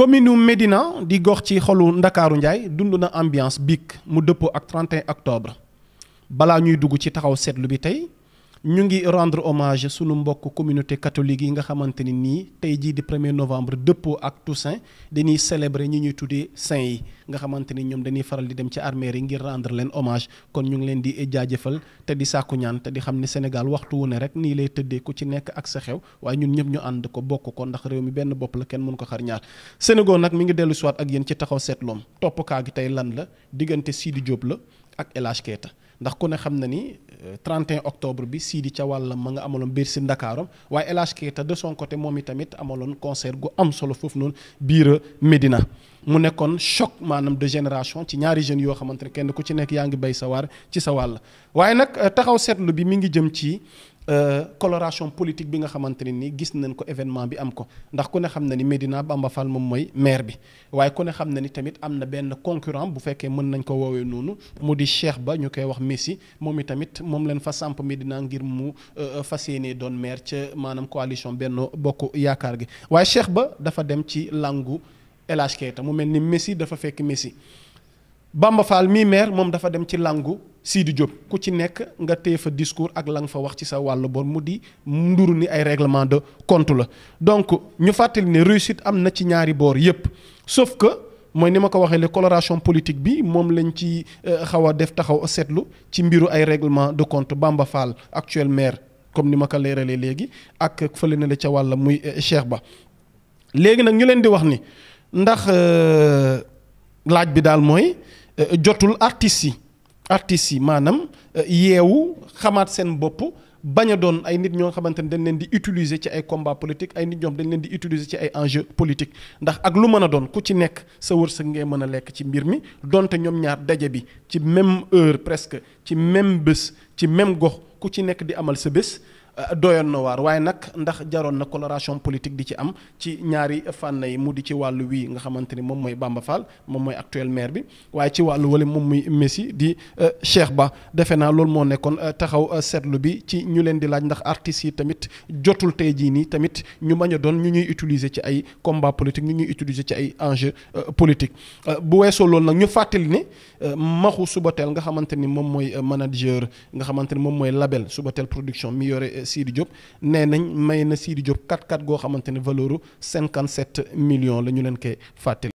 commune Médina di gox ci xolu Ndakaaru Njaay dund na ambiance biig mu dëppoo ak 31 octobre balaa ñuy dugg ci taxaw seetlu bi tey ñu ngi rendre hommage sunu mbokk communauté catholique yi nga xamante ni nii tey jii di 1 novembre dëppoo ak Toussaint dañuy célébrer ñi ñuy tuddee saint yi nga xamante ni ñoom dañuy faral di dem ci armée yi ngir rendre leen hommage kon ñu ngi leen di jaajëfal te di sàkku ñaan te di xam ne Sénégal waxtu wu ne rek nii lay tëddee ku ci nekk ak sa xew waaye ñun ñëpp ñu ànd ko bokk ko ndax réew mi benn bopp la kenn mënu ko xar ñaar Sénégal nag mi ngi dellu siwaat ak ci taxaw seetloom topp kaa gi tey lan la diggante Sidi Diop la ak El ndax ku ne xam na ni 31 euh, octobre bi Sidi ca wàll ma nga amaloon biir si Ndakaarom waaye El Hadj Keita de son côté moom itamit amaloon concert gu am solo foofu noonu biir médina mu nekkoon choc maanaam de génération ci ñaari jeunes yoo xamante ne kenn ku ci nekk yaa ngi bay sa waar ci sa wàll waaye nag euh, taxaw seetlu bi mi ngi jëm ci. Euh, coloration politique bi nga xamante ne nii gis nañ ko événement bi am ko ndax ku ne xam na ni Medina Bamba Fall moom mooy maire bi waaye ku ne xam na ni tamit am na benn concurrent bu fekkee mën nañ ko woowee noonu mu di Cheikh Ba ñu koy wax Messi moom i tamit moom leen fa samp Medina ngir mu euh, fas yéenee doon maire ca maanaam coalition Benno Bokk Yaakaar gi waaye Cheikh Ba dafa dem ci langu El Hadj mu mel ni Messi dafa fekk Messi Bamba Fall mii maire moom dafa dem ci langu. Sidi Diop ku ci nekk nga tey fa discours ak la nga fa wax ci sa wàll bon mu di nduru ni ay réglement de compte la donc ñu fàttali ne réussite am na ci ñaari boor yépp sauf que mooy ni ma ko waxee le coloration politique bi moom lañ ci euh, xaw a def taxaw seetlu ci mbiru ay réglement de compte Bamba Fall actuel maire comme ni ma ko leeralee léegi ak fële na la ca wàll muy euh, Cheikh Ba léegi nag ñu leen di wax ni ndax euh, laaj bi daal mooy jotul artistes yi. artistes yi maanaam euh, yeewu xamaat seen bopp bañ a doon ay nit ñoo xamante ne dañ leen di utiliser ci ay combat politique ay nit ñoom dañ leen di utiliser ci ay enjeu politique ndax ak lu mën a doon ku ci nekk sa wërsëg ngay mën a lekk ci mbir mi donte ñoom ñaar daje bi ci même heure presque ci même bés ci même gox ku ci nekk di amal sa bés Euh, doyoon na waar waaye nag ndax jaroon na coloration politique di ci am ci ñaari fànn yi mu di ci wàllu wii nga xamante ni moom mooy Bamba Fall moom mooy actuel maire bi waaye ci wàllu wala moom muy Messi di euh, Cheikh Ba defe naa loolu moo nekkoon euh, taxaw seetlu bi ci ñu leen di laaj ndax artistes yi tamit jotul tey jii nii tamit ñu bañ a doon ñu ñuy utiliser ci ay combat politique ñu ñuy utiliser ci ay enjeu politique bu weesoo loolu nag ñu fàttali ne maxu Subatel nga xamante ni moom mooy manager nga xamante ni moom mooy label Subatel production mi Sidi Diop nee nañ may na Sidi Diop 4-4 goo xamante ne valeur u 57 million la ñu leen koy fàtte